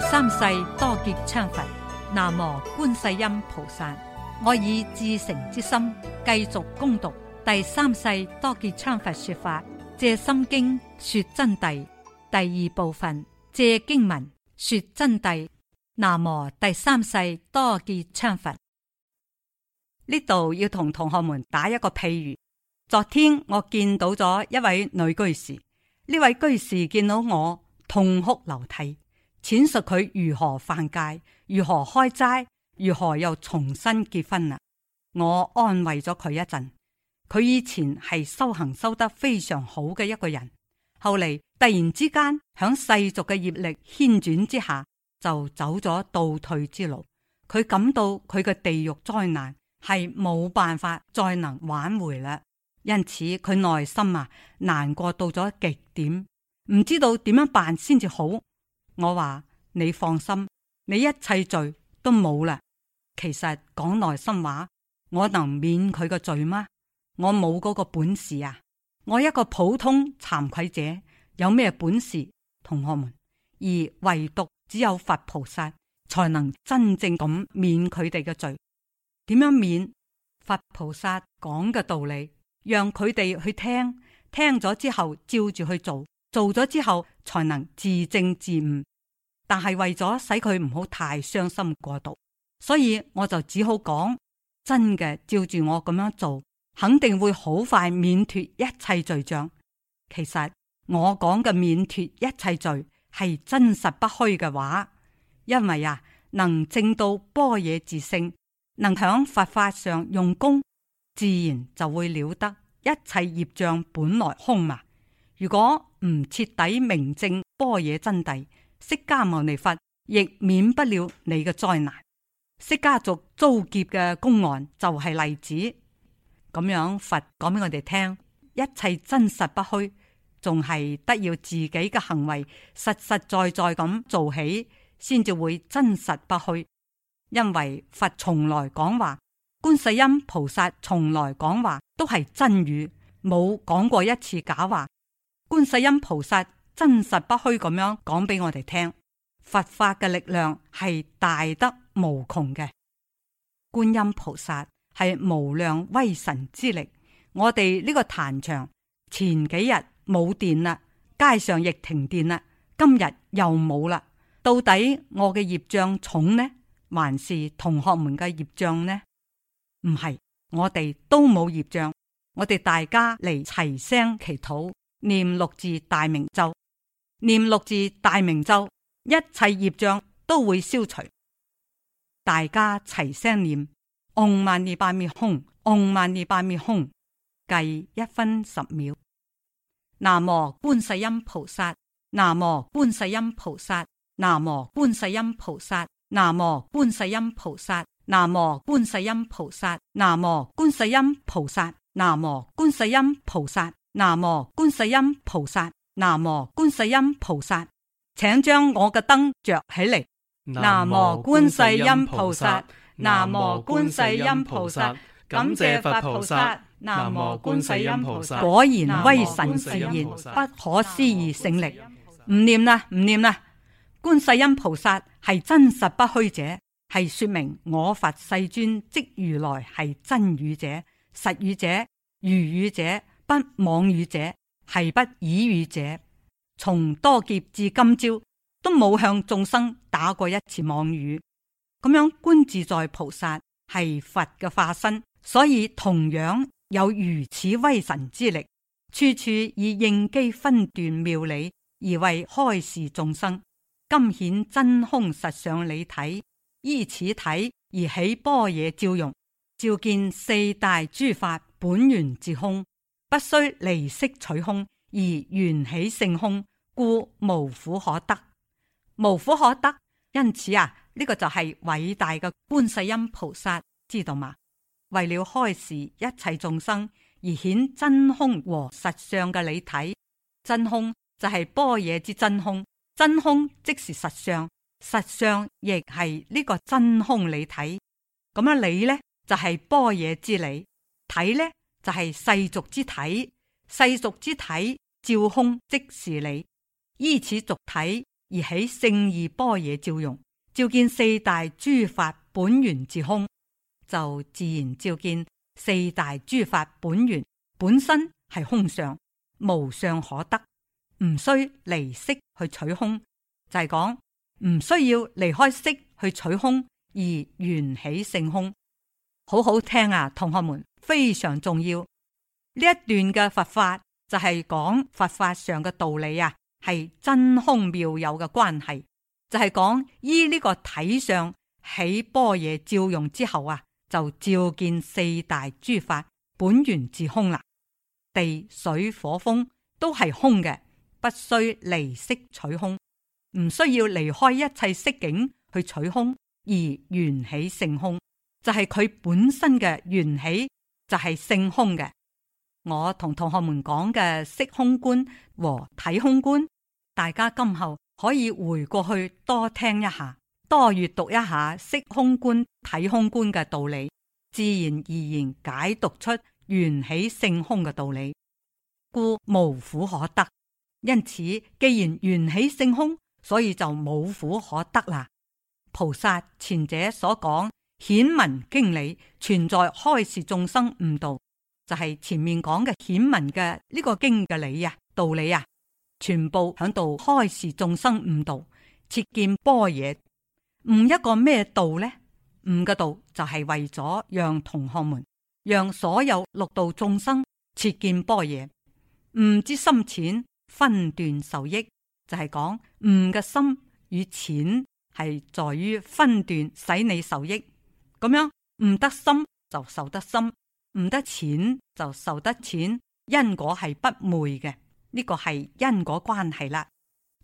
第三世多杰羌佛，南無觀世音菩薩。我以至誠之心繼續攻讀第三世多杰羌佛說法。藉心經說真諦第二部分，藉經文說真諦。南無第三世多杰羌佛。呢度要同同學們打一個譬如：昨天我見到咗一位女居士，呢位居士見到我痛哭流涕。闡述佢如何犯戒，如何開齋，如何又重新結婚啊，我安慰咗佢一陣，佢以前係修行修得非常好嘅一個人，後嚟突然之間響世俗嘅業力牽轉之下，就走咗倒退之路。佢感到佢嘅地獄災難係冇辦法再能挽回啦，因此佢內心啊難過到咗極點，唔知道點樣辦先至好。我話你放心，你一切罪都冇啦。其實講內心話，我能免佢個罪嗎？我冇嗰個本事啊！我一個普通慚愧者，有咩本事？同學們，而唯獨只有佛菩薩才能真正咁免佢哋嘅罪。點樣免？佛菩薩講嘅道理，讓佢哋去聽，聽咗之後照住去做，做咗之後才能自證自悟。但係為咗使佢唔好太傷心過度，所以我就只好講真嘅，照住我咁樣做，肯定會好快免脫一切罪障。其實我講嘅免脫一切罪係真實不虛嘅話，因為啊，能證到般若自性，能響佛法上用功，自然就會了得。一切業障本來空嘛，如果唔徹底明證般若真諦。釋迦牟尼佛亦免不了你嘅災難，釋迦族遭劫嘅公案就係例子。咁樣佛講俾我哋聽，一切真實不虛，仲係得要自己嘅行為實實在在咁做起，先至會真實不虛。因為佛從來講話，觀世音菩薩從來講話都係真語，冇講過一次假話。觀世音菩薩。真實不虛咁樣講俾我哋聽，佛法嘅力量係大得無窮嘅。觀音菩薩係無量威神之力。我哋呢個壇場前幾日冇電啦，街上亦停電啦，今日又冇啦。到底我嘅業障重呢？還是同學們嘅業障呢？唔係，我哋都冇業障。我哋大家嚟，齊聲祈禱，念六字大明咒。念六字大明咒，一切業障都會消除。大家齊聲念：唵嘛呢叭咪吽，唵嘛呢叭咪吽，計一分十秒。南無觀世音菩薩，南無觀世音菩薩，南無觀世音菩薩，南無觀世音菩薩，南無觀世音菩薩，南無觀世音菩薩，南無觀世音菩薩，南無觀世音菩薩。南無觀世音菩薩，請將我嘅燈着起嚟。南無觀世音菩薩，南無觀世音菩薩，感謝佛菩薩。南無觀世音菩薩，果然威神自然，不可思議勝利。唔念啦，唔念啦。觀世音菩薩係真實不虛者，係說明我佛世尊即如來係真語者、實語者、如語者、不妄語者。係不以語者，從多劫至今朝，都冇向眾生打過一次妄語。咁樣觀自在菩薩係佛嘅化身，所以同樣有如此威神之力，處處以應機分段妙理而為開示眾生。今顯真空實相理體，依此體而起般若照用，照見四大諸法本源自空。不須離色取空，而緣起性空，故無苦可得，無苦可得。因此啊，呢、這個就係偉大嘅觀世音菩薩，知道嗎？為了開示一切眾生而顯真空和實相嘅理體，真空就係般若之真空，真空即是實相，實相亦係呢個真空理體。咁樣，理呢就係般若之理。體呢？就係世俗之體，世俗之體照空即是理，依此俗體而起聖意般若照用，照見四大諸法本源自空，就自然照見四大諸法本源本身係空相，無相可得，唔需離色去取空，就係講唔需要離開色去取空而緣起性空。好好聽啊，同學們，非常重要呢一段嘅佛法就係、是、講佛法上嘅道理啊，係真空妙有嘅關係，就係、是、講依呢個體上起般若照用之後啊，就照見四大諸法本源自空啦，地水火風都係空嘅，不需離色取空，唔需要離開一切色境去取空而緣起性空。就係佢本身嘅緣起，就係、是、性空嘅。我同同學們講嘅色空觀和體空觀，大家今後可以回過去多聽一下，多閱讀一下色空觀、體空觀嘅道理，自然而然解讀出緣起性空嘅道理，故無苦可得。因此，既然緣起性空，所以就冇苦可得啦。菩薩前者所講。顯文經理存在開示眾生悟道，就係、是、前面講嘅顯文嘅呢個經嘅理啊道理啊，全部響度開示眾生悟道，切見般若，悟一個咩道呢？悟嘅道就係為咗讓同學們，讓所有六道眾生切見般若。悟之深淺，分段受益，就係、是、講悟嘅深與淺係在於分段使你受益。咁樣唔得心就受得心，唔得錢就受得錢，因果係不昧嘅，呢、這個係因果關係啦。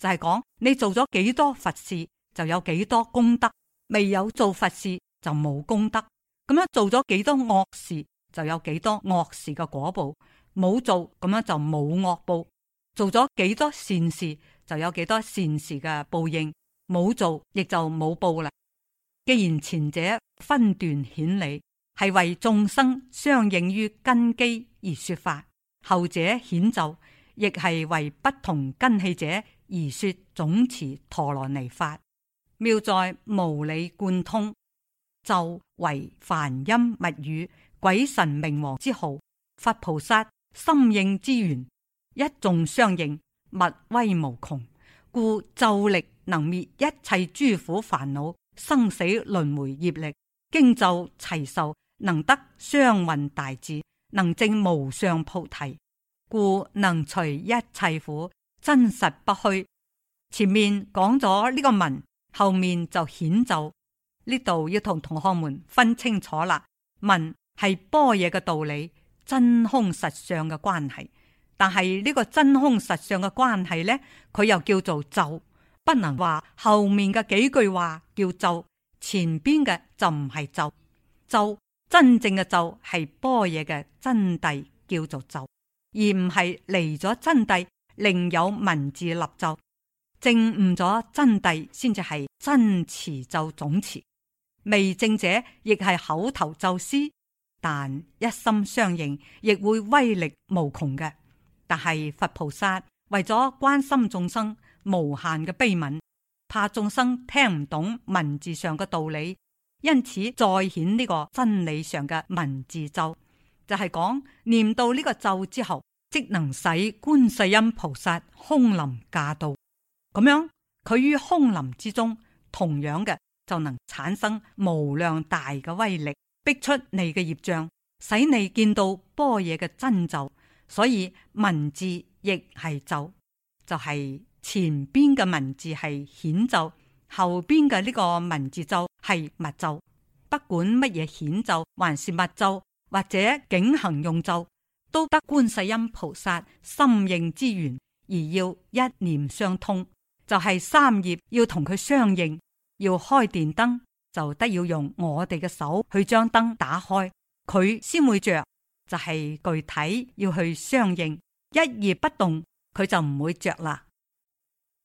就係、是、講你做咗幾多佛事，就有幾多功德；未有做佛事就冇功德。咁樣做咗幾多惡事，就有幾多惡事嘅果報；冇做咁樣就冇惡報。做咗幾多善事，就有幾多善事嘅報應；冇做亦就冇報啦。既然前者，分段顯理，係為眾生相應於根基而說法；後者顯咒，亦係為不同根器者而說總持陀羅尼法。妙在無理貫通，咒為梵音密語、鬼神冥王之號，佛菩薩心應之源，一眾相應，密威無窮，故咒力能滅一切諸苦煩惱、生死輪迴業力。經咒齊受，能得雙運大智，能證無上菩提，故能除一切苦，真實不虛。前面講咗呢個文，後面就顯咒。呢度要同同學們分清楚啦。文係般若嘅道理，真空實相嘅關係，但係呢個真空實相嘅關係呢，佢又叫做咒，不能話後面嘅幾句話叫咒。前邊嘅就唔係咒，咒真正嘅咒係般若嘅真諦叫做咒，而唔係離咗真諦另有文字立咒，正悟咗真諦先至係真持咒總持。未正者亦係口頭咒師，但一心相應亦會威力無窮嘅。但係佛菩薩為咗關心眾生，無限嘅悲憫。怕眾生聽唔懂文字上嘅道理，因此再顯呢個真理上嘅文字咒，就係、是、講念到呢個咒之後，即能使觀世音菩薩空林駕到。咁樣佢於空林之中，同樣嘅就能產生無量大嘅威力，逼出你嘅業障，使你見到般若嘅真咒。所以文字亦係咒，就係、是。前邊嘅文字係顯咒，後邊嘅呢個文字咒係密咒。不管乜嘢顯咒，還是密咒，或者景行用咒，都得觀世音菩薩心應之源。而要一念相通。就係、是、三業要同佢相應，要開電燈，就得要用我哋嘅手去將燈打開，佢先會着。就係、是、具體要去相應，一業不動，佢就唔會着啦。